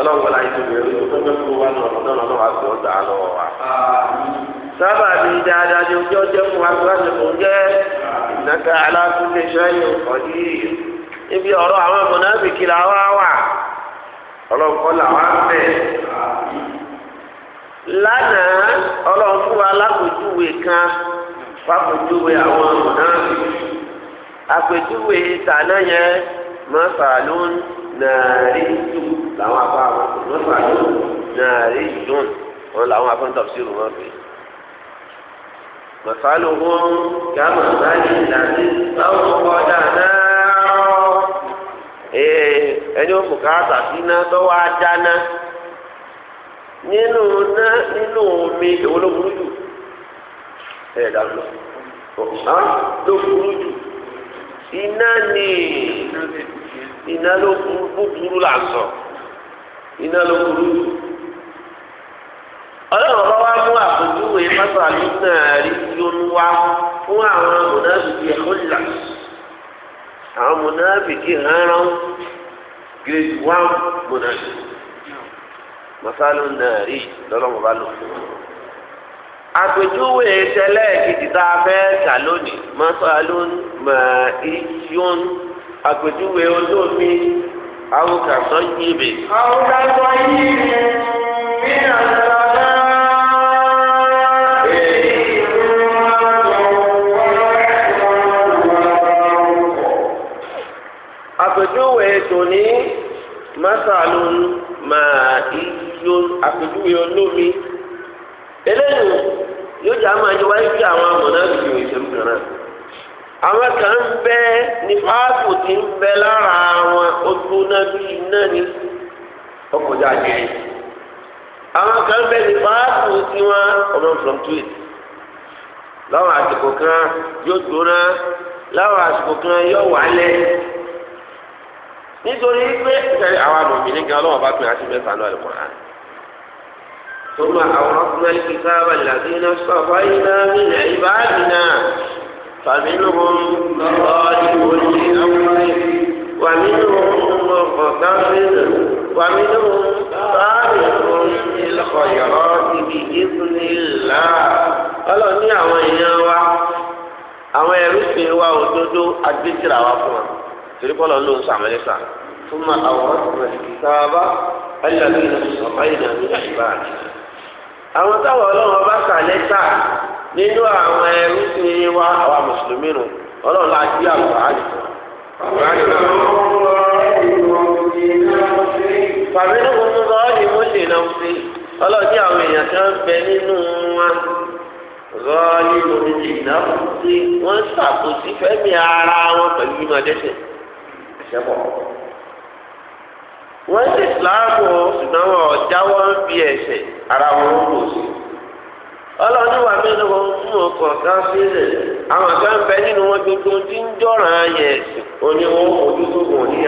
ọlọ́run wọlé ayé tó bẹ̀rẹ̀ lójú fún mẹ́fún wa nù ọ̀nà náà wà sí ọ̀dà lọ́wọ́ wa. sábà ní dáadáa ni ojú ọjọ́ fún wa jẹ́ ìnáka alákùnrin ibi ọ̀rọ̀ àwọn wà lánàá ọlọ́run fún wa kan àwọn àpèjúwe na dùn làwọn afọ àwọn mọ́fà na nàárí wọn làwọn afọ tọ̀síìrù wọn fi. mọ̀sálù wọn kí a mọ̀ sáyé ìdájí báwọn kọ́ ẹni na bùkátà sí náà tọ́wọ́ ajá nínú nínú omi jù ẹ dàrú iná ló burú búburú là ń sọ iná ló burú ọlọ́run bá wá mú àpèjúwe mọ́tàlú náà rí yónú wá fún àwọn mọ̀nàbìkì ẹ̀kọ́lá àwọn mọ̀nàbìkì hánrán grade one mọ̀nàbìkì mọ́tàlú náà rí lọ́lọ́run bá lò fún àpèjúwe tẹ́lẹ̀ kìtìtà fẹ́ kà lónìí mọ́tàlú mọ̀ ìyọ́nù. àpèjúwe olómi àwòkàtọ yíbe. àwòkàtọ yíbe ní àgbàdo. àpèjúwe tòní masalun máa iyó àpèjúwe olómi eléyìí yóò jẹ́ àmàjọ wáyé bí àwọn amọ̀nà náà. àwọn kan ń bẹ ní fáàfù tí ń bẹ lára wọn ojú náà bí iná ni ọkọjá jẹrẹ àwọn kan ń bẹ ní fáàfù tí wọn ọmọ fluctuate láwọn àsìkò kan yóò gbóná láwọn àsìkò kan yóò wálẹ̀ nítorí pé àwọn àmọ̀mí ní ọlọ́wọ́ bá pín àti mẹ́ta náà lẹ́kọ̀ọ́ náà. ثم أورثنا الكتاب الذين اصطفينا من عبادنا فمنهم ظالم لأمره ومنهم ومنهم سابق بإذن الله ní àwọn èèyàn wa àwọn ẹrúfin wa òdodo agbésìrà wa fún wa torí pọlọ ló ń sàmẹlẹ sà fún ma àwọn ọsùnmọlẹ sábà ẹlẹgbẹ́ nínú àwọn ẹrú tí wá àwa mùsùlùmí nù ọlọ́run la jí mi àwọn èèyàn bẹ nínú wa rọ́ọ̀lì mo lè nà sí wọ́n ṣàkóso fẹ́mi ara wọn pẹ̀lú inú adẹ́sẹ̀ wọ́n ṣe ìsìláàmù ṣùgbọ́n wọn ò jáwọ́ ń bí ẹ̀ṣẹ̀ ara wọn ń lò sí i. ọlọ́ni wà mẹ́nu wọn fún ọkọ̀ káfílẹ̀ àwọn kan bẹ nínú wọn gbogbo tí ń jọ̀ràn ayẹ̀ ẹ̀sìn òní wọn ojú tó wọn ní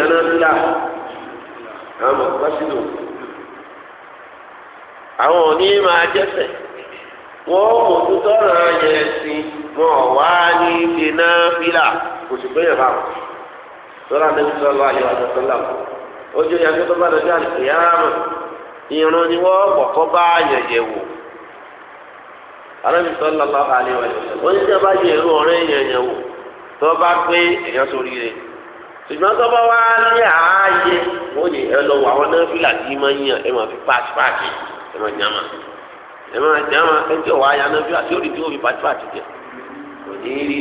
àwọn òní máa jẹ́sẹ̀ wọn ẹ̀sìn wọn wá ní fílà kò sì lọ́la níbi tí wọ́n lọ tó ojú tó bá àlùkò yàrá mọ̀ ìrún alábi sọlá lọ àlè wáyé oníṣẹ́ bá yẹ irú ọ̀rẹ́ yẹn yẹn wò tó bá pé èèyàn sórí rẹ̀ ṣùgbọ́n tó bá wá ní ààyè wọ́n ní ẹ lọ wọ àwọn náà fílà tí máa ń yàn ẹ máa fi pàṣẹ pàṣẹ ẹ máa jàmà ẹ máa jàmà ẹ jẹ́ wàá yàn náà fílà tí ó rí tí ó fi pàṣẹ pàṣẹ jẹ kò ní rí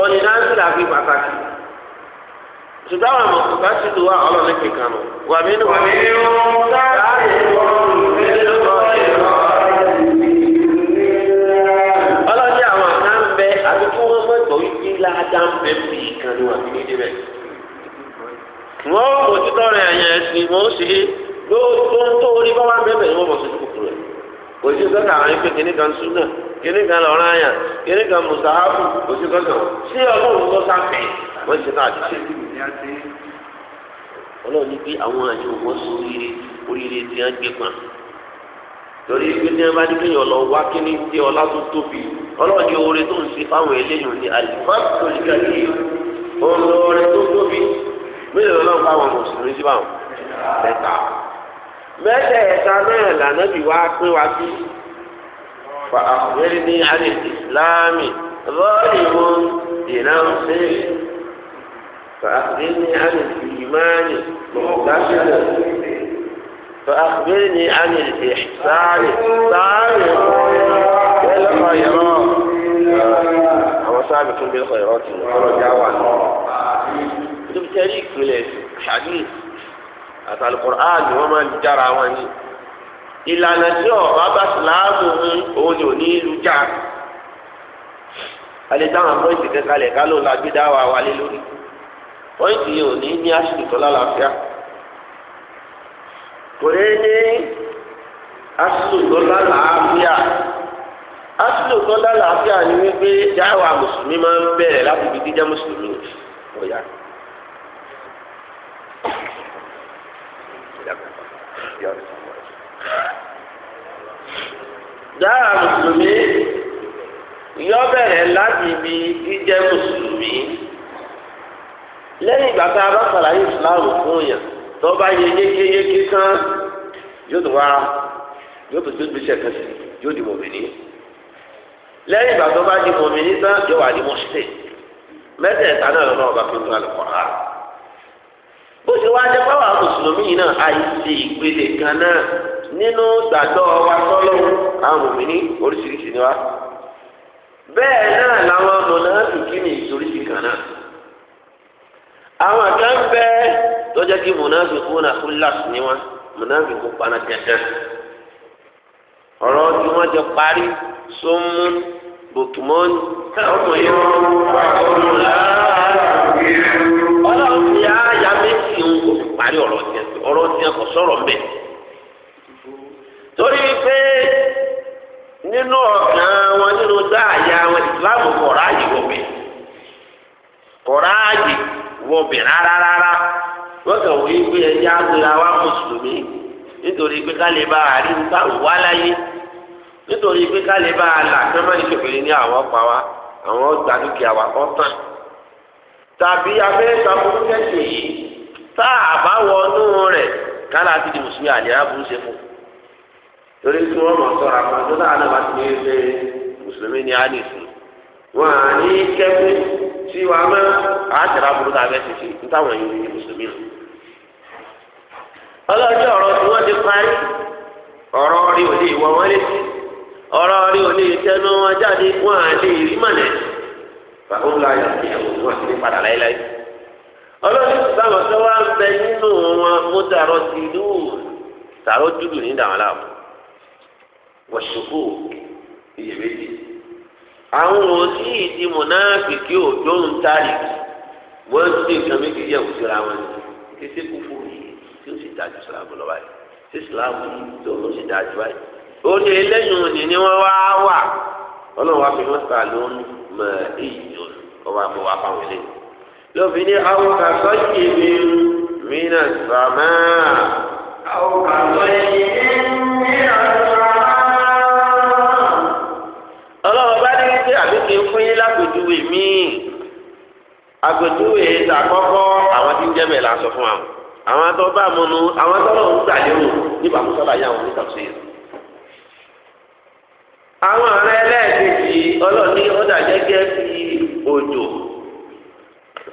oníná fílà fi pàtàkì ṣùgbọ́n àwọn ọmọ kò wa ọlọ́ọ̀lẹ́kẹ̀kan nù wàmí nù wàmí nù sáà ládàá ń bẹ bí kan ní wàá fi ní débẹ̀. wọ́n mójútó rẹ̀ yẹn ẹ̀sìn wọ́n ṣe é lóòótọ́ ń tó orí bá wà bẹ́ẹ̀ wọ́n mọ̀ sí kúkú rẹ̀. òjì sọ́kà àwọn ẹgbẹ́ kìnnì kan súnà kìnnì kan kìnnì kan sọ́kà sí ọlọ́run tó sáfẹ́ wọ́n náà ti ṣe. ọlọ́run ní àwọn àyè torí pé ní abá nígbè yàn lọ wá kíní tí ọlá tó tóbi ọlọ́ọ̀ni oore tó ń ṣe fáwọn eléyìí ní àlùfáàtì tó lè kàlí òun oore tó tóbi mílíọ̀nù náà fáwọn mùsùlùmí sí báwọn mẹ́ta mẹ́tẹ̀ ẹ̀ta náà lànà bí wàá pín wá sí fa àkùnrin ní alẹ́ ìsìlámì lọ́ọ̀lì wọn ìná ń ṣe fa àkùnrin ní alẹ́ ìmáàní lọ́ọ̀gá فأخبرني عن الإحسان سابقوا بالخيرات هو سابق بالخيرات تبتليك من الحديث àtàlù kùránì wọn máa ń jára wọn ni ìlànà tí ọba bá sùlámù ń òun ni ò ní ìlú já alẹ́dáhùn àpọ́ǹtì kẹkálẹ̀ ká ló ń la gbé dáwà wa lé lórí pọ́ǹtì yìí ò ní ní àṣìkò tó lálàáfíà. kwure ni asidu gola na abia asidu gola na abia ni wile ja'awa musulmi ma n bere lati di dje musulmi oya ja'awa musulmi yobere lati di dje musulmi leni gbata abapala islamu ko oya tó bá yẹ yékéyéké tán yóò tó wá yóò tó tó gbèsè kan sí yóò di mòmìnì lẹ́yìn ìgbà tó bá di mòmìnì tán yóò wá di mọ́sítẹ̀ mẹ́tẹ̀ẹ̀ta náà lọ́nà ọba fi ń tún àlùkò rà bó ṣe wá jẹ́ pàwọn mùsùlùmí yìí náà àìsí ìpele kan náà nínú gbàgbọ́ wa sọ́lọ́run àwọn mòmìnì oríṣiríṣi ni wá bẹ́ẹ̀ náà làwọn mọ̀nà ìkíni ìsoríṣi kan náà àwọn kan bẹ́ẹ̀ lọ́jọ́ kí mùnàfíkù náà kú láti ní wọn mùnàfíkù paná tẹ̀tẹ̀ ọ̀rọ̀ tí wọ́n jọ parí sómú bùkùmọ́n ọmọ yẹn ọmọ làárọ̀ ọlọ́run ti á yá méjì ń kò parí ọ̀rọ̀ tiẹ̀ ọ̀rọ̀ tiẹ̀ kò sọ̀rọ̀ mbẹ́ torí pé nínú ọ̀gán wọn nínú dáàyà wọn ìsìláàmù kọ̀ọ̀rọ̀ àyè wọ̀bẹ̀ kọ̀ọ̀rọ̀ àyè wọ̀bẹ̀ rárá wọ́n kàn wí pé ẹ̀yà agbèrè àwa mùsùlùmí nítorí pé ká lè bá àárín táwọn wá láyé nítorí pé ká bá a là kí wọ́n má ní kékeré ní àwọn ọ̀pá wa àwọn ọgbà dúkìá wa kọ́ tán tàbí abẹ́rẹ́ta burú kẹ́sì yìí tá a bá wọnú rẹ̀ kálá ti di mùsùlùmí àlẹ́yà burú ṣe fún torí tí wọ́n mọ̀ sọ̀rọ̀ àpàtúndà àná bá ti ní ilé mùsùlùmí ní àdìsí wọn à ní kẹ́kẹ́. tí wàá mọ burú tá a fẹ́ ṣiṣẹ́ nítawọn yìí ní mùsùlùmí nù. ọlọ́jọ́ ọ̀rọ̀ tí wọ́n ti parí ọ̀rọ̀ rí ò lè wọn létí ọ̀rọ̀ rí ò lè wọn jáde wọn à lè rí mọ̀nẹ́. bàbá ńlá yà sí ẹ̀wọ̀n wọn padà wá ń bẹ nínú wọn dàrọ́ dúdú ní àwọn òsì ìdí mọ̀nàfìkì òjò ń tari wọ́n ń ṣe nǹkan méjì yẹ̀ wò síra wọn ní títí kúkú yìí tí ó sì dájú síláàmù lọ́wọ́ yìí tí síláàmù yìí tó ló sì dájú báyìí. ó ní eléyìí òní ni wọ́n wá wà ọlọ́run wá fi wọ́n sà ló ń mọ èyí òun kọ́ wá bọ́ wá fáwọn eléyìí. lófin ní àwọn kàtọ́ yìí ni mí náà sàmà. àwọn kàtọ́ yìí ni mí náà sàmà. pé àbíkí fún yín lágbèjúwe míì àgbèjúwe àkọ́kọ́ àwọn tí ń jẹ́ bẹ́ẹ̀ la fún wa àwọn tó bá mu nu àwọn tó lọ́wọ́ ń nípa mùsọ́lá wọn níta sí i. àwọn ará ẹlẹ́ẹ̀kejì ọlọ́ọ̀ni ọ̀dà gẹ́gẹ́ bí òjò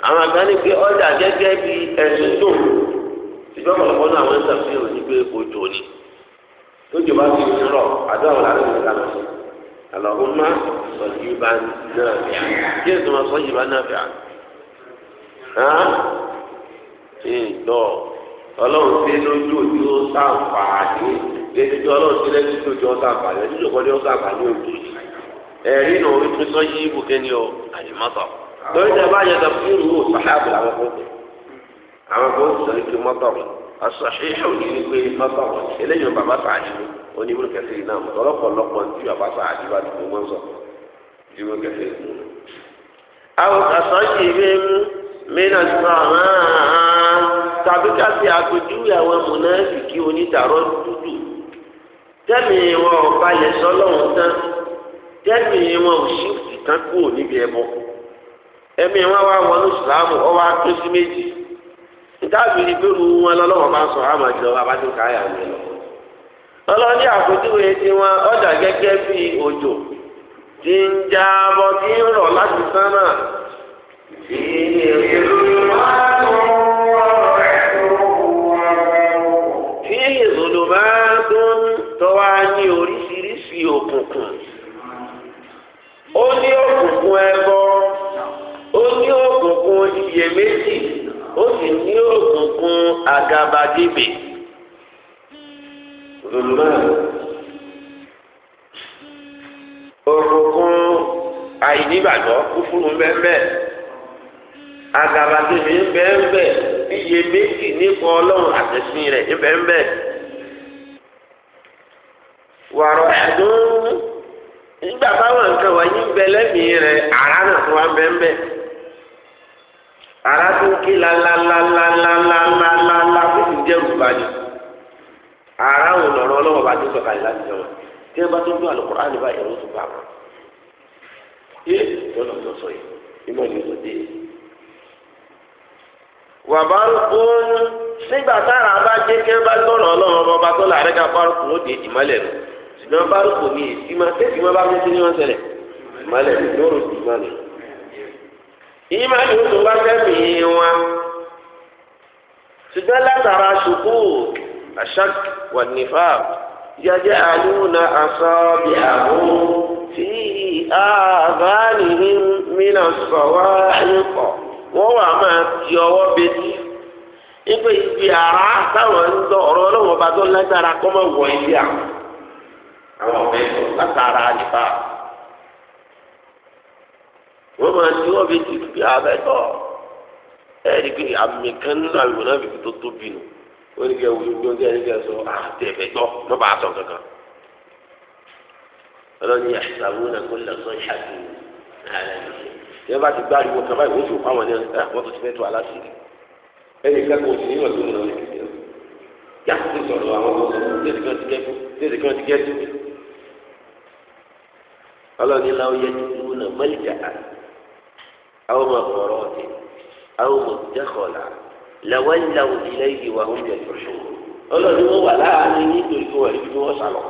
àwọn àgbà ní pé ọ̀dà gẹ́gẹ́ bí ẹ̀sùn tó ṣùgbọ́n ọ̀pọ̀lọpọ̀ náà àwọn ń pé òjò ni Allahumma sayyiban nafi'an kí èso máa sayyiban nafi'an hàn ìlọ ọlọ́run sí lójú òjú ó sàǹfààní lẹ́yìn tí ọlọ́run sí lẹ́yìn tí òjú ó sàǹfààní ojú ìjọba ni ó sàǹfààní òjò yìí ẹ̀rí nà orí tuntun yí ibùkẹ́ ni ọ àyèmọ́tọ̀ lórí tẹ bá yẹ kí irú wò sàhábì làwọn kò tẹ àwọn kò sọ ike mọ́tọ̀ ọ̀sọ̀ ṣe é ṣòwò ní pé mọ́tọ̀ eléyìí bàbá sàájú onímọ̀ kẹsìrì náà mọ̀ lọ́pọ̀lọpọ̀ ní tíwà bá sáà àdìbà tó mọ̀ sọ onímọ̀ kẹsìrì mú. àwọn kàṣán yìí rí mú mìíràn sọ àwọn tàbí ká ṣe àpèjúwe àwọn mùnáfìkì onítàrọ́ dúdú tẹ́mi wọn ò balẹ̀ sọ́lọ́hún tán tẹ́mi wọn ò sí ìtàn kúrò níbi ẹ̀bọ ẹ̀mí wọn wá wọnú ìsìlámù ọwọ́ akéésí méjì níta bìrì bẹ́rù wọn lọ́lọ́wọ́ bá sọ àmàjọ abájọ́ káyà mi lọ́wọ́. ọlọ́ní akwụkwọ tiwọn ọjà gẹ́gẹ́ bí òjò tí ń já bọ́ tí ń rọ̀ láti sánà. Fi ìzòlò máa ń dún tọ́wá ní oríṣiríṣi òkùnkùn. Ó ní òkùnkùn ẹbọ, ó ní òkùnkùn iyèméjì, ó sì ní òkùnkùn àgàbàgebè. zulman òkùnkùn àìnígbàgbọ́ kúfúrú mbẹ́mbẹ́ agabademi mbẹ́mbẹ́ iye méjì nípa ọlọ́run àtẹ̀sìn rẹ̀ mbẹ́mbẹ́ wàrọ̀ ẹ̀dùn nígbà báwọn nǹkan wọ̀nyí bẹ rẹ̀ ara náà tó wà mbẹ́mbẹ́ ara tó ń ké fún ló sọ̀kalẹ̀ láti jọ wọn tí wọn bá tó dún àlùkò ránì báyìí ẹ̀rọ tó bá wọn. yé lọ́nà tó sọ yìí ìmọ̀ ni mo dé. wà bá ń kún nígbà tára bá jẹ́ kí wọ́n bá tọ̀nà ọlọ́run ọba tó làárẹ̀ ká bá rúkú ó dé ìmọ̀lẹ̀ nù ṣùgbọ́n bá rúkú ní ìsímọ̀ tẹ́sí wọn bá fẹ́ sí ní wọn ṣẹlẹ̀ ìmọ̀lẹ̀ nù lóru ìmọ̀lẹ̀ ìmọ̀lẹ̀ nù tó bá يجعلون أصابعهم في آذانهم من الصواعق wọ́n wà máa ti ọwọ́ betí ipe ibi ara táwọn ń tọ ọ̀rọ̀ ọlọ́wọ́n bá tó lágbára kọ́ mọ̀ wọ ilé àwọn àwọn ọ̀fẹ́ sọ látara nípa wọ́n máa ti ọwọ́ betí ibi ara bẹ́ẹ̀ tọ́ ẹ̀ẹ́dì pé àmì kan nínú àwòrán ibi tó tóbi nù oníkẹ́ wù ú gbọ́dọ̀ ẹ̀ríkẹ́ sọ àtẹ̀fẹ́ gbọ́ ló bá sọ kankan. ọlọ́ni àṣàwò náà kó lọ́sọ̀ ṣáàtì ààrẹ yìí. yẹ́n bá ti gbá ariwo kan báyìí wọ́n ti fún àwọn ẹni wọ́n ti fẹ́ tó aláṣẹ. ẹnì kẹ́kọ̀ọ́ òsì nílò tó lọ sí yàtọ̀ sí sọ̀rọ̀ àwọn ọmọ tẹ̀sí kan ti kẹ́tù ọlọ́ni làwọn yẹn ti kú náà mọ́lì àwọn ọmọ ọ̀rọ̀ ọ̀tẹ̀ àwọn ọmọ ìjẹ́kọ̀ọ́ làwọn lawallaw ilayhi wa hum yasrun ọlọ́run wọn wà láàrin nítorí wọn ìlú ni wọ́n sá lọ.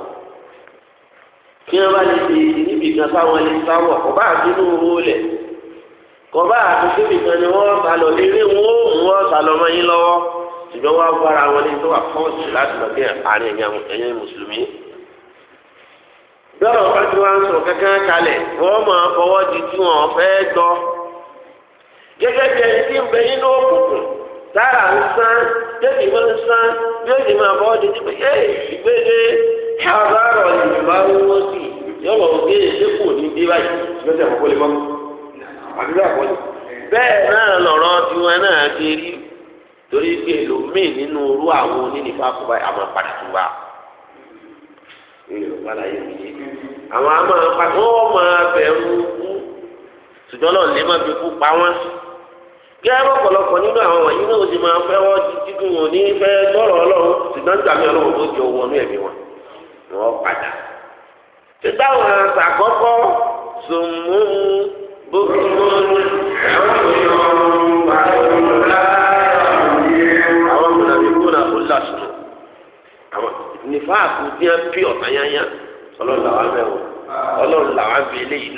kí wọ́n bá lè fi níbi kan táwọn lè sáwọ̀ kọ́ bá àdúró owó lẹ̀ kọ́ bá àdúró nìkan ni wọ́n sá lọ eré wọn ò mú wọn sá lọ mọ́ yín lọ́wọ́ ṣùgbọ́n wọ́n á wọn ní tó wà fọ́ọ̀sì láti lọ bí àárín ẹ̀yìn mùsùlùmí lọ́rọ̀ bá wá ń sọ kankan kalẹ̀ wọ́n máa fọwọ́ di tí wọ́n fẹ́ gbọ́. gẹ́gẹ́ bí ẹni tí ń bẹ nínú òkùnkùn sara ń sán yóò máa ń sán yóò sì máa bọ́ ọdún pé ẹ ìgbélé àbárọ̀ ìgbà wọ́n sì yóò mọ̀ dé báyìí lọ́sẹ̀ àkọ́kọ́ lè mọ́ bẹ́ẹ̀ náà lọ̀rọ̀ tiwọn torí pé nínú àwọn báyìí tó wà. àwọn àmọ́ wọn máa bẹ̀rù kú gẹ́gẹ́ ọ̀pọ̀lọpọ̀ nínú àwọn wọ̀nyí náà ó ti máa fẹ́ wọ́n títí dùn wọn ní fẹ́ tọrọ ọlọ́run ṣùgbọ́n tàbí ọlọ́run tó owó ẹ̀mí wọn wọ́n padà. sùnmù àwọn nífà àkùdíà pí ọlọ́run làwọn ọlọ́run làwọn eléyìí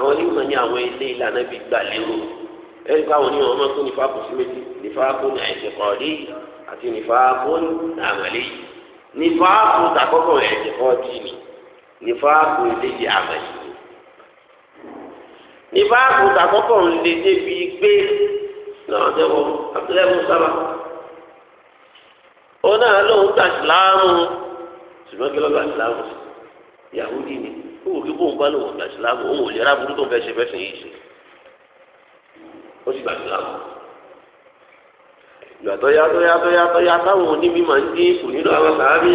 àwọn onímọ̀ ní àwọn ilé ìlànà bíi gbà lérò ẹni pé àwọn onímọ̀ ọmọ tó nífa kò sí méjì nífa kó ní àìsèkọ́ọ̀dé àti nífa kó ní àmàlẹ́ nífa kó takọ́kọ̀ àìsèkọ́ọ̀dé ni nífa kó eléyìí àmàlẹ́ ni. nífa kó takọ́kọ̀ ń lé débi gbé náà dẹ́wọ́ abdulayi musaba ó náà lóun gba ìsìlámù ṣùgbọ́n kí ló gba ìsìlámù yahudi ni. bóun kí o bá lò wọ́n gba òun ò lè ra burú fẹ́ ṣe fẹ́sìn yìí ṣe ó sì gba ya ìgbà tó yá tó yá tó yá tó yá táwọn onímọ̀ ń dín kù nínú àwọn sàábì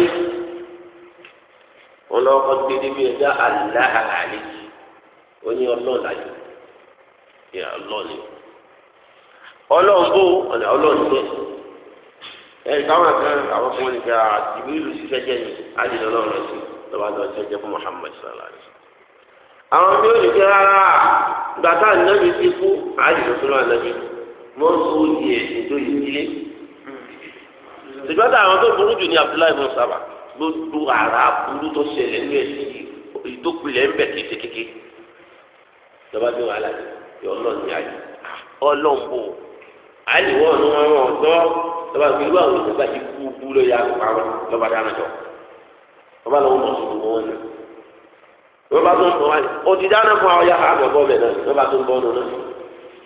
wọn lọ kọ́ gbé ẹja aláàlẹ́ ó ní bó ọ̀nà ẹ̀ kan àwọn kan jẹ́ ni á lọ́ba lọ sí ẹjẹ́ fún Muhammad sallallahu alayhi wa sallam. àwọn bí ó lè jẹ́ rárá gbàtà nàbí ti kú àyè lọ́sọ̀rọ̀ náà nàbí mọ́ sọ yìí ẹ̀sìn tó yìí sílé. ṣùgbọ́n àwọn tó burú jù ní Abdullahi bin Saba gbogbo ara burú tó ṣẹlẹ̀ ní ẹ̀sìn ìdókùlẹ̀ ń bẹ̀ kékeré lọ́ba bí wàhálà yọ ọlọ́ọ̀ni àyè ọlọ́ọ̀nbó àyè wọ́n ọ̀nà wọn ọ̀dọ́ lọ́ba gbé wàhálà lọ́ba ti kú bú ọba lọ́wọ́ mọ̀ sí gbogbo wọn náà wọ́n bá tún wáyé o ti dáná fún àwọn yàrá àgbẹ̀bọ̀ bẹ̀ náà wọ́n bá tún bọ̀ nù náà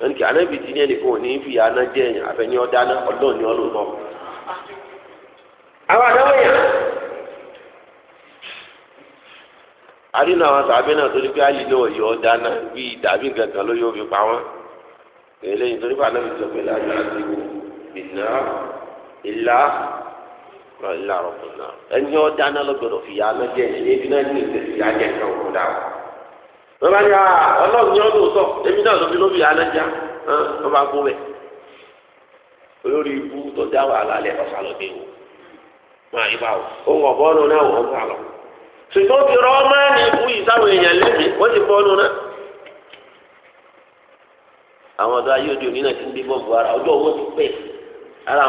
wọ́n kì anábì tí ní ẹnìkan ò ní fi àná jẹ́ ẹ̀yìn àfẹ́ni ọ̀dáná ọlọ́ọ̀ ni ọlọ́ọ̀ àwọn àdáwọ̀ yẹn àdínà àwọn sàbẹ̀ náà torí pé àlè náà yọ ọ̀dáná bí dàbí kankan ló yóò fi pa wọ́n eléyìí torí pé anábì sọ pé láàrín àti ìlà ilé arọpò ẹni ọ lọgbọdọ fi lọjẹ ẹni náà ní ya jẹ o a ah, Ọlọ́run ọdún sọ ebi náà bẹ olórí ibú tó dá wàhálà lẹ ọsà máa yí bá òun ọ̀bọ náà bá lọ. ṣùgbọ́n fi rọ ọmọ ẹni èèyàn wọ́n ti bọ́ náà. àwọn ayé òde òní náà ti ń bí ara ọjọ́ ti pẹ́ ara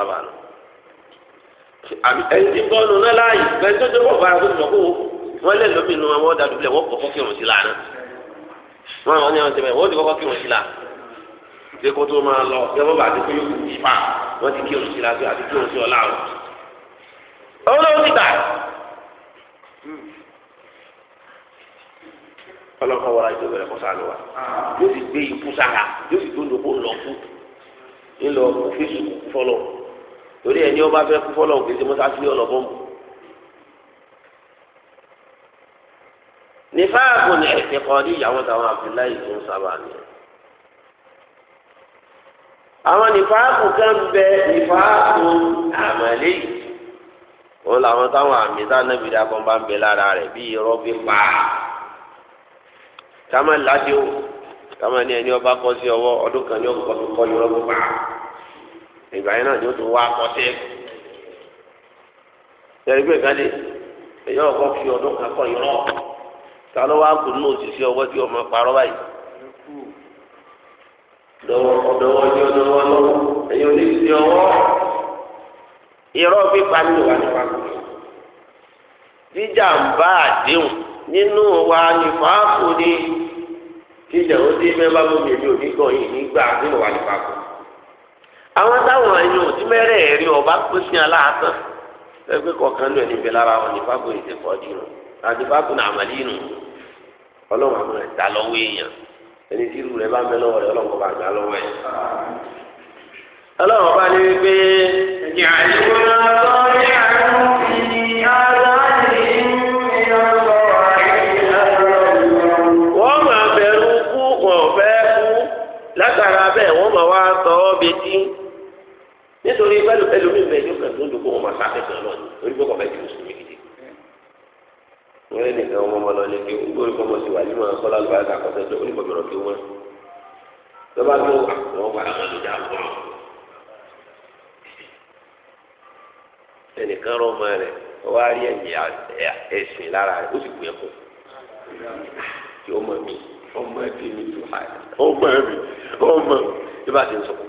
àwọn ẹtí bọ́ọ̀lù náà láàyè bẹ́ẹ̀ tó tó bọ̀ bára tó mọ̀ kó wọ́n lé lómi nu àwọn ọ̀dà dùbìlẹ̀ wọ́n kọ́kọ́ kírun sí lánàá wọ́n àwọn ní àwọn tẹ̀lé wọ́n ti kọ́kọ́ kírun sí la ṣé kó tó máa lọ ṣé wọ́n bá ti kó yókù wọ́n ti kírun sí la àti kírun sí ọ̀la wọn. ọ̀hún ló ti gbà. ọlọ́kọ̀ wọra ìjọba ẹ̀kọ́ sálọ wa yóò sì gbé ikú sára yóò sì dóńdó torí ẹni ó bá fẹ́ kú fọlọ́ òkè sí mọ́sáàsì ọlọ́bọ̀n bò. nífàgùn ní ẹ̀sìn kan ní ìyàwó táwọn abdullahi tó ń sábà ní. àwọn nífàgùn kan bẹ nífàgùn àmàlẹ́ yìí làwọn táwọn àmì sànàbí dàkọ́ bá ń bẹ lára rẹ̀ bí irọ́ pa kàmá ládìó kàmá ní ẹni ọba kọ́ sí ọwọ́ ọdún kan ní ọkọ̀ tó kọ́ irọ́ fi pa. ìgbà yẹn náà yóò tún wá kọ́tẹ́ tẹ̀lé gbé gàdé èyí ọkọ fi ọdún kakọ yọrọ ta ló wá kù nínú òṣìṣẹ́ ọwọ́ tí ọmọ parọ́ báyìí dọwọ dọwọ ní ọdún wọn èyí wa nípa kù jíjà ń bá àdéhùn nínú wa ni jíjà ó dé mẹ́bàá nígbà nínú àwọn táwọn ẹyin ò tí ọba kó sí aláàtàn ẹgbẹ́ kọ̀ọ̀kan lóyún níbi lára wọn ní fáko ìṣèkọ́ dínú àti fáko náà àmàlí nù ọlọ́run àwọn ẹ̀dá èèyàn ẹni tí irú rẹ̀ bá mẹ́ lọ́wọ́ rẹ̀ bá gbà lọ́wọ́ ẹ̀. ní wípé ẹ̀jẹ̀ ní wọ́n máa bẹ̀rù kú fẹ́ kú látara bẹ́ẹ̀ wọ́n máa nítorí pẹ̀lú ẹlòmíì bẹ́ẹ̀ yóò kàn tó ń dùkú wọn máa sáfẹsẹ Ọlọ́run orí gbọkọ bẹ́ẹ̀ ti mùsùlùmí gidi. wọn lé nìkan wọn máa lọ lé kí wọn gbọ́dọ̀ kọmọ sí wàlí máa kọlá lọ àgbà kọsẹ̀ tó oníbọbọrọ kí wọn. lọba tó àwọn padà máa lò dáàbò wọn. ẹnìkan rọ ọmọ rẹ̀ wọn wá rí ẹ̀yìn ẹsìn lára rẹ̀ ó sì gbé ẹ̀kọ́ kí ọmọ mi ọmọ ẹbí mi tó ọmọ ẹbí ọmọ ìbá ti ń sọkún.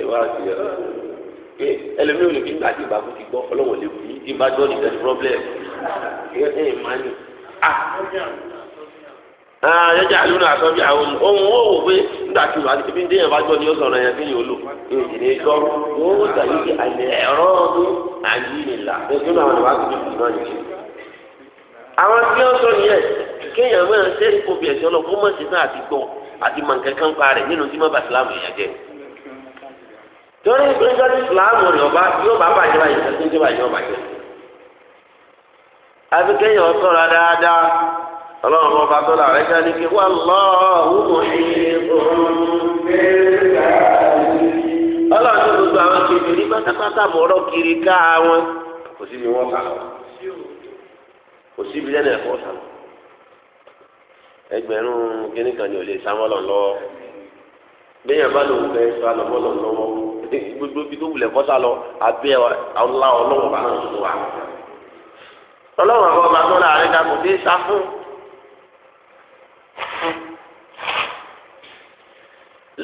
ìwà àti ẹ ẹ ẹlẹmi ò lè fi gbàdí ìbá fún ti gbọ́ ọlọ́wọ́ lè fi ìbá jọ ní ìdájú problem ẹ ẹ máa ní. yọjá àlùnà àtọ́jú àwọn ohun ó wò pé nígbà tí wàá ibi déyàn bá jọ ní ó sọ̀rọ̀ yẹn kéèyàn ó lò ìdílé gbọ́ wọ́n ó tàbí kí àlẹ́ ẹ̀rọ ọdún àyínìlà ẹgbẹ́ náà wà ní wàá gbé àwọn tí wọ́n sọ nìyẹn kéèyàn mẹ́rin sẹ́yìn kò bí ẹ̀sìn ọlọ́pàá mọ̀ sí náà àti gbọ́ àti mọ̀ nǹkan kan pa rẹ̀ nínú tí mọ́ bàtìlámù yẹn jẹ́ torí ìgbẹ́jọ́ ní ìsìláàmù rẹ̀ ọba yóò bá bàjẹ́ ọba jẹ́. ọba tó kí wà ní tó gbogbo àwọn ní pátápátá kiri ká wọn kò síbi wọn kà lọ kò síbi lẹ́nu ẹ̀kọ́ ẹgbẹ̀rún ni ò lè sá lọ bá lòun fẹ́ gbogbo ibi tó wulẹ̀ kọ́sá lọ abẹ́ ọlá ọlọ́wọ́ bá ń sùn wa. ọlọ́wọ́ àwọn ọba tó láàrin dàgbò dé sá fún.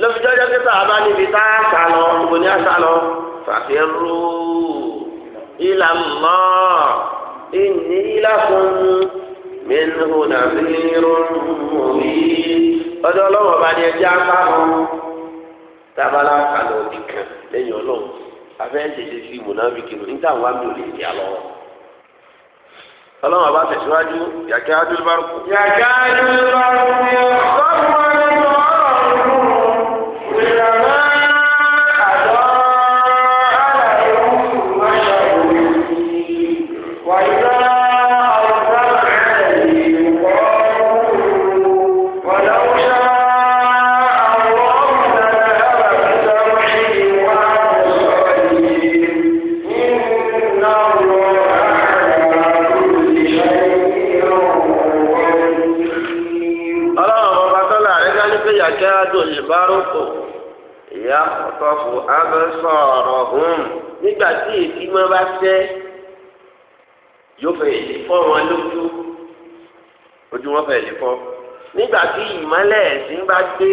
lọ́fíjọ́ jẹ́ pé sáà bá níbi tá a sá lọ gbogbo ní a sá lọ fàfẹ́rù ìlà mọ́ ìní ìlà fún mẹ́nu nàbí rún mọ́ mi. ọjọ́ ọlọ́wọ́ bá ní ẹjẹ́ á sá lọ tábàlà kàlọ òbí kan lẹ́yìn Ọlọ́run afẹ́ǹtẹ̀tẹ̀ fi mùnàfíkì nù níta wà mí ò lè di àlọ́ ọlọ́run àbá tẹ̀síwájú yàtí adúlbárùkù. yàtí adúlbárùkù yóò sọ́kùnrin sọ̀rọ̀ hùn nígbà tí èsì máa bá tẹ́ yóò fẹ́ èyí fọ́ wọn lójú ojú wọn fẹ́ èyí fọ́ nígbà tí ìmọ̀lẹ̀ ẹ̀sìn bá gbé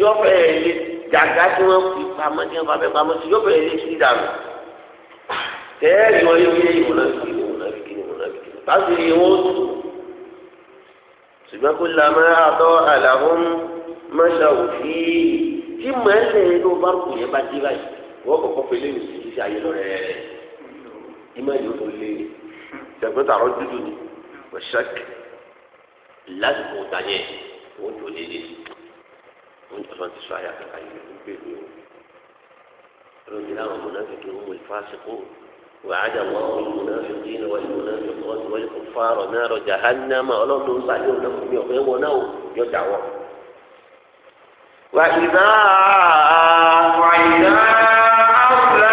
yóò fẹ́ èyí gàgá tí wọ́n fi pamọ́ tí wọ́n fẹ́ pamọ́ sí yóò fẹ́ èyí sí dànù tẹ́ẹ̀rì wọn yóò yẹ ìmọ̀nàfíkì ni ìmọ̀nàfíkì ni ìmọ̀nàfíkì ni báṣu ni wọ́n tù ṣùgbọ́n kó lamọ́ àtọ́ àlàhùn wọ́n kọ́kọ́ fẹlẹ́ yìí sí iṣẹ́ ayé lọ́rẹ́ rẹ̀ ìmọ̀ yìí ó tó lé ṣàgbọ́n tààrọ́ dúdú ni wọ́ṣẹ́kì lásìkò tàyẹ wọ́n tó lé lé wọ́n tó lọ́n ti sọ àyà kankan yìí ló ń pè mí o lóde láwọn ọmọ náà fi kí wọ́n mú ìfásitì وعد الله المنافقين والمنافقات والكفار نار جهنم ọlọ́run ló ń sáré ọ̀nà fún mi ọ̀fẹ́ wọn náà yọjà wọn. وإذا وإذا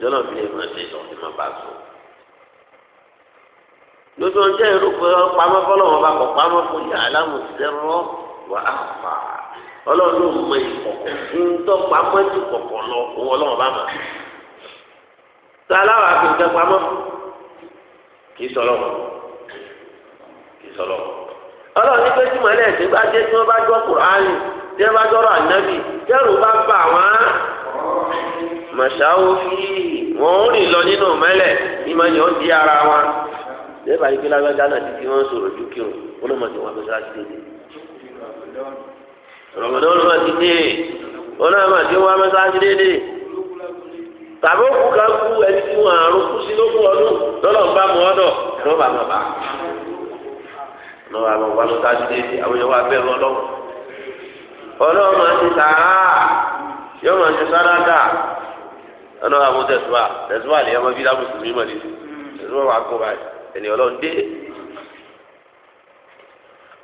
ìjọba fi lè máa ṣe ìtàn tí máa bá sùn. lójú ọjọ́ ìrú pé pamọ́ fọlọ́wọ́n bá kọ̀ pamọ́ fún yà alámùsẹ́rọ́ wà á fà á ọlọ́run ló mọ ìkọ̀kọ̀ ńtọ́ pamọ́ ju kọ̀kọ̀ lọ òun ọlọ́run bá mọ̀. sọ aláwọ̀ àfihàn pamọ́ kì í sọ̀rọ̀ kì í sọ̀rọ̀ ọlọ́run ní pé tí mọ̀lẹ́sìn bá dé tí wọ́n bá jọ́ kùránì tí wọ́n bá jọ́rọ̀ màṣáwó fi wọn ń rìn lọ nínú mẹ́lẹ̀ ìmọ̀ yẹn ń di ara wa lẹ́bàá yìí pé lágbájá náà ti fi wọ́n sọ̀rọ̀ ju O ó lọ́mọ tí wọ́n fẹ́ sáà ti dé. rọ̀mọ̀dọ́ ló máa ti dé wọn náà máa ti wọ́n fẹ́ sáà ti dé dé. tàbí ó kú ká kú ẹni tí wọ́n àrùn kú sí lógún ọdún lọ́lọ́ ń bá mu ọ́dọ̀ lọ́ bá mọ̀ bá. lọ́wọ́ àwọn ọ̀gá ló ẹnu wa mú tẹsíwá tẹsíwá lè ọmọ bíi lábùsù mi mọ nídìí tẹsíwá wà kó báyìí ẹni ọlọ́run dé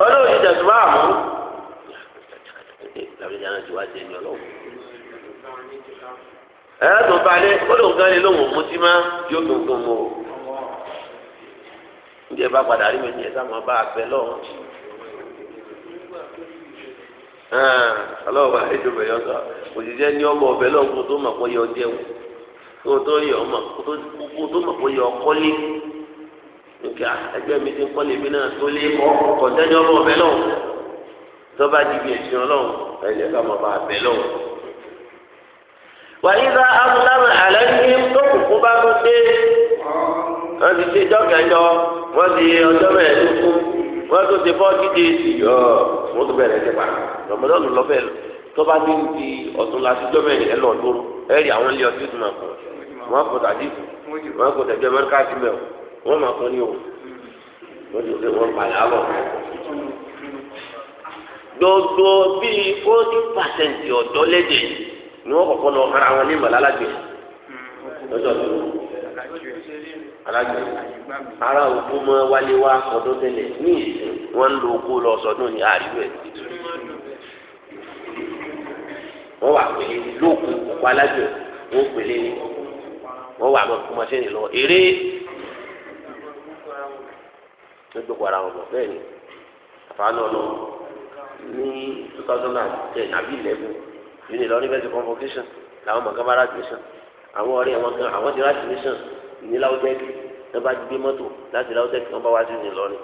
ọlọ́run ní tẹsíwá mú làbẹjá náà ti wá dé ẹni ọlọ́run ẹ tó balẹ̀ olóhùn kan lè lóhùn mú tí má yóò tó tó mú o ní ẹ bá padà rí mi ní ẹ sáwọn bá a pẹ lọ ọlọ́run bá a lè dùn bẹ yọ sọ òṣìṣẹ́ ní ọmọ ọbẹ lọgùn tó mọ kó yọ jẹun kó o tó yọ ọmọ kó o tó mọ̀ kó yọ ọkọ lé nǹkan ẹgbẹ́ mi ti ń kọ́lé mi náà tó lé kọ́ kọ̀ǹtẹ́jọ́ bọ̀ bẹ́ẹ̀ lọ́wọ́ tọ́ba jìbì ẹ̀sìn ọlọ́run ẹ̀jẹ̀ ká mọ̀ bá bẹ́ẹ̀ lọ́wọ́. wàyí bá amúnámù àlẹ́ ní tó kùkú bá tó dé wọ́n ti ṣe ìjọ kẹjọ wọ́n ti ọjọ́ mẹ́ẹ̀ẹ́dógún wọ́n tó ti fọ́ dídé ìyọ́ wọ́n tó bẹ̀rẹ̀ ẹ̀jẹ̀ pa lọ́mọdé ọ̀dùn tọ́ba ti di ọ̀tún lásìjọ́ mẹ́rin ẹ̀ lọ́ọ̀dúnrún. ẹ̀rí àwọn ilé ọtí tó máa kọ wọn kọ tàbí wọn wọn máa kọ ní o wọn ti sè wọn gbogbo bíi ọ̀dọ́ lédè ni wọn kọ̀kọ́ lọ ara wọn ní lọ́jọ́ tó alájọ ara òkú ọdún ní ìsìn wọ́n wà pèlè ní lóògùn òkú alájò wọ́n pèlè ní wọ́n wà máa kú mọ́ṣẹ́ni lọ eré ló gbogbo ara wọn bọ̀ bẹ́ẹ̀ ni àfààní ọ̀nà ní two thousand and ten àbí eleven yìí ni lọ́rí bẹ́ẹ̀ convocation làwọn mọ̀ká bá rádìmíṣàn àwọn ọ̀rẹ́ wọn kan àwọn ti rádìmíṣàn ní láwùjẹ́kì ní bá gbé mọ́tò láti láwùjẹ́kì wọn bá wá sí ní lọ́rí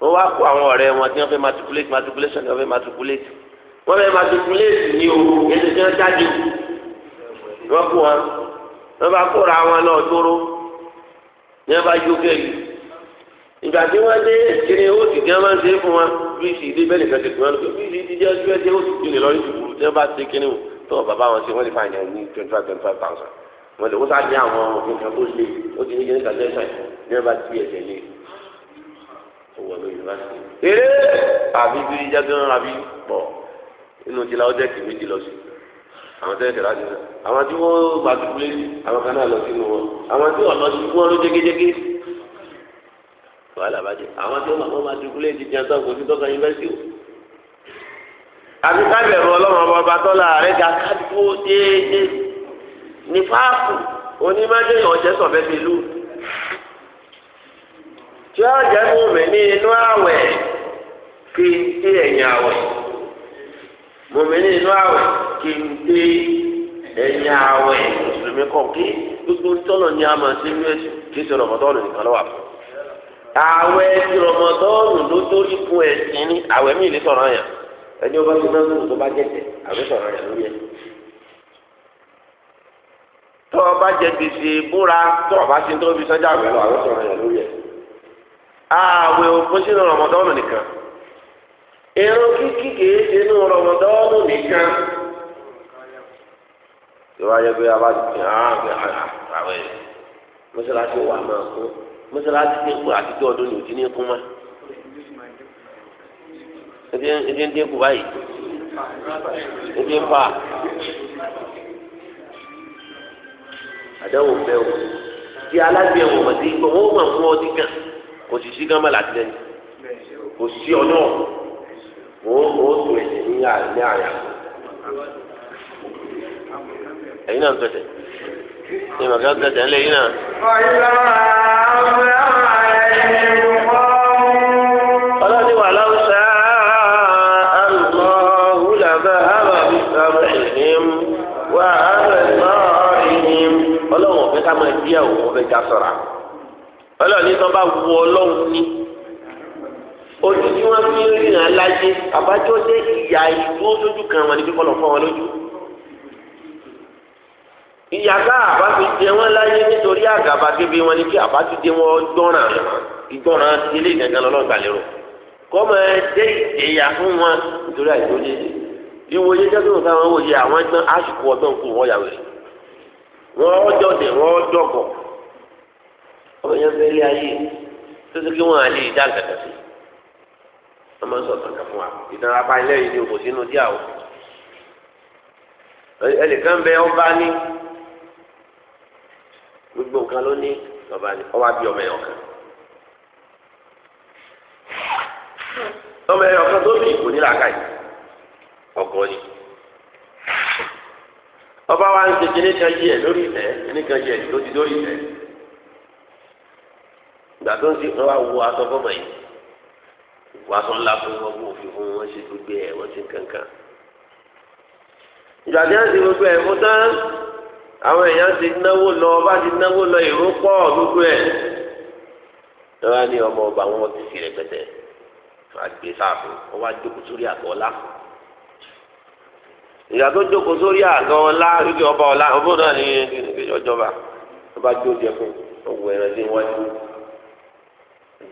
wọ́n wá kó àwọn ọ̀rẹ́ wọn tí wọ́n fẹ́ matriculate matriculation ni wọ́n fẹ́ matriculate wọ́n fẹ́ matriculate ní o tí wọ́n ṣáájú wọ́n kú wọn wọ́n bá kóra wọn lọ tóró ní wọ́n bá yó kéyìí ìgbà tí wọ́n dé kiri ó sì jẹ́ máa ń ṣe é fún wọn bí sì dé bẹ́ẹ̀ nìkan ṣe fún wọn lókè bí sì dídí ọjọ́ ẹjẹ́ ó sì ju lè lọ́rí ìdìbò tí wọ́n bá ṣe kiri wọn tó wọn bàbá wọn ṣe wọ́n lè fà yẹn ní twenty five twenty five thousand wọ́n lè wọ́n sáà ní àwọn òfin kan tó le ó ti ní kí ní kàjẹ́ sàn ní wọ́n bá ti bí ẹ̀jẹ̀ eré àbí bíríjà gan àbí pọ̀ inú ti la ọjọ́ kìí méjì lọ sí àwọn tẹ́lẹ̀ tẹ̀lá ti náà àwọn tí wọ́n matriculate àwọn kan náà lọ sínú wọn àwọn tí wọ́n lọ sí wọn ló jégéjégé wàhálà bàjẹ́ àwọn tí wọ́n matriculate jẹ́ sọ́ọ̀ kò sí tọ́ka yunifásitì o. àti kábẹ̀rù ọlọ́run ọba ọba tọ́lá rẹ̀ ga kájú déédéé ní fáàfù onímọ̀jẹ̀ ọ̀jẹ̀ sọ̀bẹ̀ fi lù. tí ó jẹ́ mú mi ní inú àwẹ̀ fi sí ẹ̀yìn àwẹ̀ mú mi ní inú àwẹ̀ kéńté ẹ̀yìn àwẹ̀ mùsùlùmí kọ̀ kí gbogbo tọ́lọ̀ ní àmọ̀ sí inú ẹ̀sìn kí sọ̀rọ̀ mọ́tọ́ọ̀nù nìkan lọ́wọ́ àpò. àwẹ̀ sọ̀rọ̀ mọ́tọ́ọ̀nù ló torí fún ẹ̀sìn ní àwẹ̀ mí ìlé sọ̀rọ̀ àyàn ẹni ọba tó náà tó bá jẹ̀jẹ̀ àwẹ̀ sọ̀rọ̀ àyàn lórí ẹ̀. tọ́ ọba jẹ búra tọ́ ọba sí tó fi sọ́jà àwẹ̀ lọ àwẹ̀ sọ̀rọ̀ àyàn lórí ẹ̀. àwẹ̀ òpin sínú rọ̀mọ́tọ́ọ̀nù nìkan. èrò kíkì kìí ṣe inú nìkan wáyé pé abá ti fi hàn án ah, ah, àwọn ẹ̀ mọ́sálásí wà máa kú mọ́sálásí ti kú àti tí ọdún yìí ti ní kú mọ́. ẹdí ń dínkù báyìí ẹdí ń fà àdáwò fẹ́ o tí alágbèé wọn mọ̀ sí ìgbọ̀n wọn mọ̀ fún ọdún kan kò sì sí gánmọ́ làtìlẹ́yìn kò sí ọ̀nà wọn ò tó ẹ̀sìn ní àyà ẹ̀yin náà ń pẹ̀tẹ̀ ṣé màkà ń pẹ̀tẹ̀ ńlẹ̀ yín náà. ọlọ́ni wà láwùsá àlùmọ́ húlàbà àbà bísàmù wà àbẹ̀ náà ìhìm ọ̀fẹ́ ká máa bí àwọn ọ̀fẹ́ já sọ̀ra ọlọ́ni tó bá wù ojú tí wọ́n fi ń rìn aláyé àbájọ́ ìyá ìyàgá àbá fi wọn láyé nítorí àgàbà débi wọn ni kí àbá dé wọn gbọ́ràn ìgbọ́ràn ilé ìgbàgbọ́ lọ́gbà lérò ẹdẹ fún wọn nítorí àìsí ìwòye táwọn wòye àwọn àsìkò ọdún kù yàwé wọn wọn ọmọ yẹn lé ayé tuntun kí wọn àlè ìdá gàdà sí wọn máa ń sọ fún wa yìí ni díà ọba ní. gbogbo nǹkan ló ní ọba bí ọmọ ẹ̀yọ̀kan. ọmọ ẹ̀yọ̀kan tó bì kò ní làákàyè ọ̀gọ́ ni. ọba wa ń ṣe nìkan yẹ lórí ìtẹ́ nìkan yẹ lójú lórí ìtẹ́. ìgbà tó ń ṣe wọn wá wo aṣọ fọmọ yìí wàá sọ ńlá fún wọn wọn òfin fún wọn ṣe gbogbo ẹ wọn ṣe nǹkan ìgbà tí wọn ṣe gbogbo ẹ fún tán àwọn èèyàn ti náwó lọ ọba ti náwó lọ ìró pọ̀ gbogbo ẹ̀ lọ́wọ́ ní ọmọ ọba wọn ti sì rẹpẹtẹ àgbè sáàfin wọn wá jókòó sórí àgọ́ ọlá ìyá tó jókòó sórí àgọ́ ọlá lókè ọba ọlá ọbọ náà ní ọjọba ọba jó jẹ fún ọwọ ẹran sí iwájú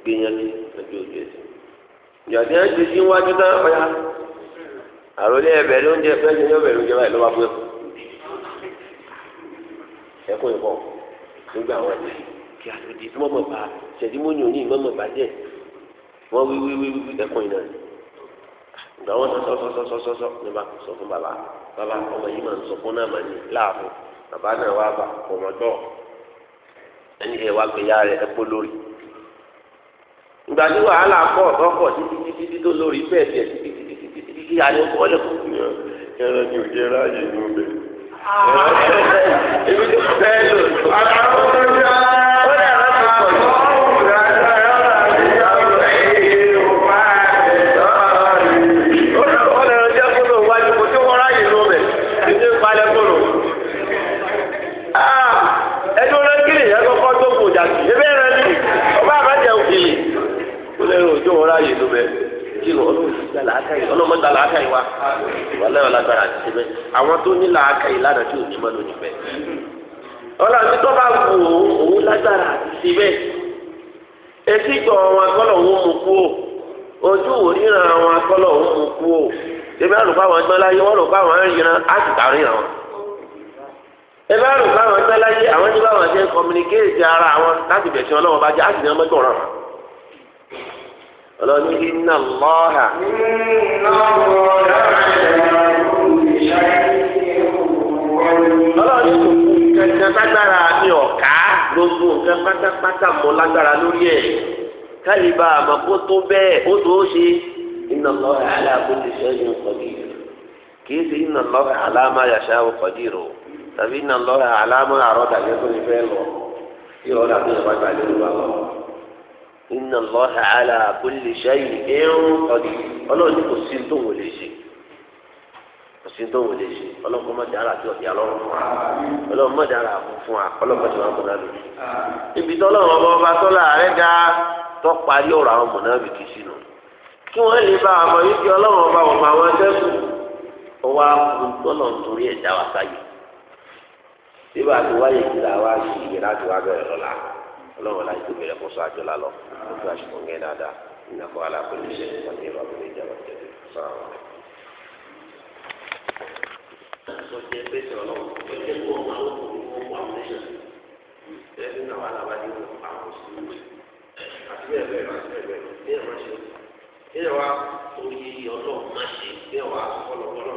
gbìyànjú ọjọ òjò ẹsẹ ìyàtí ẹ ti sí iwájú náà ọyà àròlé ẹbẹrẹ oúnjẹ fẹẹ ní ọbẹrẹ oúnjẹ báyìí ló wá fún ẹkọ ẹ̀kọ́ ìbọ̀ nígbà wọn ni kí alóde tí wọ́n mọ̀ bá ṣẹ̀dímọ́nì òní ìmọ̀ mọ̀ bá jẹ́ wọ́n wí wí wí wí ẹ̀kọ́ ìnà ni ìgbà wọn sọ sọsọsọsọsọ ní bá sọ fún bàbá bàbá ọmọ yìí máa ń sọ fún náà mà ní láàbù bàbá náà wà bà ọmọ gbọ́ ẹni ẹ wá gbé ya rẹ ẹ kó lórí ìgbà tí wàhálà pọ̀ ọ̀pọ̀ títí títí títí tó lórí bẹ́ẹ̀ bẹ́ẹ̀ títí títí títí títí àyẹ̀wò ọ̀lẹ́kùnrin yẹn ẹ̀rọ ni ò jẹ́ ráàyè ní ọbẹ̀. Ibi tí mo fẹ́ lò. Àwọn ọmọ mi rà. làákàyè ọlọ́mọ gba làákàyè wa wàlẹ́ ọ̀làgbára àti ṣẹ́bẹ̀ àwọn tó ní làákàyè lánàá tí ò ní mọ́ lónìí bẹ́ẹ̀. ọlọ́run tó bá wù ó òun lágbára àti ṣẹ́bẹ̀ etí gbọ̀ wọn akọ́lọ̀ òun mú kú o ojú wò ríran àwọn akọ́lọ̀ òun mú kú o ṣẹ́bí àrùn fáwọn ẹgbẹ́ láyé wọ́n rò fáwọn ẹ̀ríran á sì parí àwọn. ẹgbẹ́ àrùn fáwọn ẹgbẹ́ láyé àwọn tí báwọn ṣe ń communicate ara àwọn láti bẹ̀ṣẹ̀ ọlọ́wọ́ bá jẹ́ àṣìyàn mọ́tò ọ̀rọ̀ àwọn ọlọ́ni iná lọ́ọ̀hà. ọlọ́ni kankan lágbára mi ọ̀ká gbogbo nǹkan pátápátá mọ́ lágbára lórí ẹ̀ kálíbà àmọ́ kó tó bẹ́ẹ̀ ó tó ṣe iná lọ́ọ̀hà aláàbòlì sẹ́yìn kọ̀dí kìí ṣe iná lọ́ọ̀hà aláàmà yàṣà kọ̀dí rò tàbí iná lọ́ọ̀hà aláàmà àrọ́dà yẹ́kùn ìfẹ́ lọ yóò rà bí ìwádìí àlejò bá lọ inna Allaha ala kulli shay'in qadir ọlọ́run ní kò sí tó wò lè ṣe kò sí tó wò lè ṣe ọlọ́run má dára àti ọ̀dì alọ́run fún wa ọlọ́run má dára àkún fún wa ọlọ́run má dára àkún lálẹ́ ibi tọ́lọ́run ọba ọba tọ́lá rẹ̀ ga tọ́ parí ọ̀rọ̀ àwọn mọ̀nàbì kì í sínú kí wọ́n lè bá àmọ́ yìí kí bá a gbogbo àṣìkò yẹn dáadáa ìnáwó alákòóso ṣe ń pàdé ìwà àbúrò ìjàmbá tẹ̀lé sáà wọn. sọ jẹ pèsè ọlọ́run pẹ̀lú ẹgbẹ́ ọmọ àwọn ọkùnrin wọn wà lẹ́yìn ẹbí náà wà lábàájú wọn àwọn sùúrù àti bẹ́ẹ̀ bẹ́ẹ̀ àti bẹ́ẹ̀ bẹ́ẹ̀ bí ẹ máa ṣe bí ẹ wá orí ọlọ́run máa ṣe bí ẹ wá ọlọ́run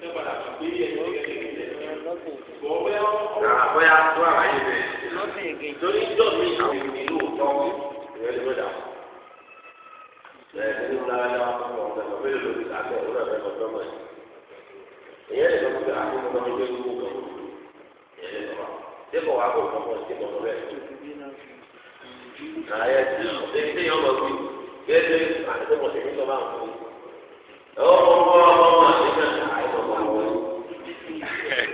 bóyá tó àlàyé bẹ́ẹ̀ lórí ìjọ mi àwọn ìlú ọ̀tọ̀ ìrẹ́ ló dà lẹ́yìn tó mọ̀ ẹ̀ ní bẹ́ẹ̀ ọ̀sẹ̀ tí mọ̀ sí ní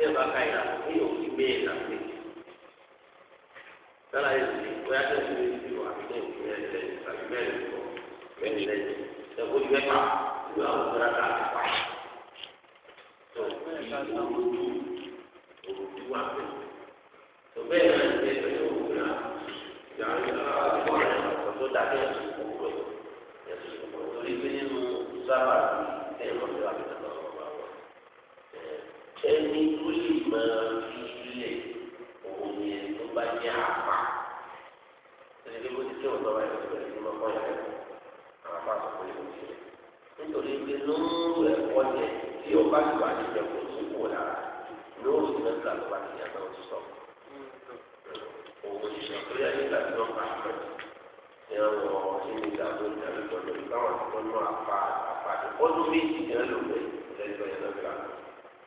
o tí ẹ bá ka yà ní òkú gbé yẹn náà pé sọlá yẹn ti bóyá tó ti lè fi wà ní òkú yẹn lẹ́yìn tàbí mẹ́rin lọ mẹ́rin lẹ́yìn tẹ̀kọ́ ju ẹ̀ka ju àwọn ọ̀gá ká ti pa tó ìlú òkú wà pé tó bẹ́ẹ̀ náà ti ẹ̀ pẹ̀lú òkú náà ìjà ń lọ àwọn ọ̀gá tó dàbí ẹ̀sùn kúrò ẹ̀sùn kúrò torí pé nínú sábà ẹ̀rọ ìjọba ẹni tó lè máa fi sílẹ̀ òun ni ẹni tó bá jẹ́ àpá tẹ̀lé bó ti tẹ̀wọ̀n tó bá yẹ kó bẹ̀rẹ̀ sí lọ́kọ́ yẹn àpá sọ pé kò sílẹ̀ nítorí pé lóòrùn ẹ̀kọ́ yẹ tí o bá ti wà ní ìjẹun kò sí kò lára lóòrùn ìjẹun kan ló bá ti yẹ náà ti sọ òun ìṣẹ̀ tó yẹ nígbà tí wọ́n pa àpẹ́ ìyẹn wọ kí ni ìgbà tó ń darí lọ́dọ̀ ìgbà wọn ti tọ́jú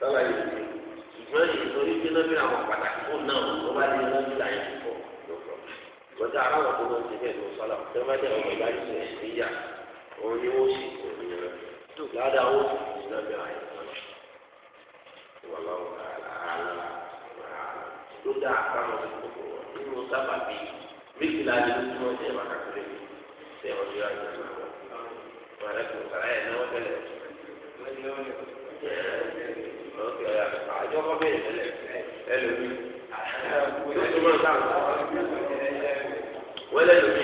sábà yìí ṣùgbọ́n ìtòrí pé lọ́bí àwọn pàtàkì fún náà ló bá ní lọ́bí láyé púpọ̀ lọ́pọ̀ lọ́jà aráwọ̀ tó lọ́ọ́ ti bẹ́ẹ̀ lọ sọ́lá tó bá jẹ́ ọ̀gbẹ́ láyé ṣe níyà òun ni ó sì kò ní lọ ládàá ó sì kò ní lọ́bí àyè sọ́lá ìwà lọ́wọ́ àlàálà ló dá àpamọ́ sí gbogbo wọn nínú sábà bíi méjìlá ni ó túmọ̀ sí ẹ̀ma kàkiri tẹ̀ ọ̀dọ́ àti ìgbà wọn. bẹ̀rẹ̀ tẹ́lẹ̀ ẹlòmí. wọ́n lẹ́nu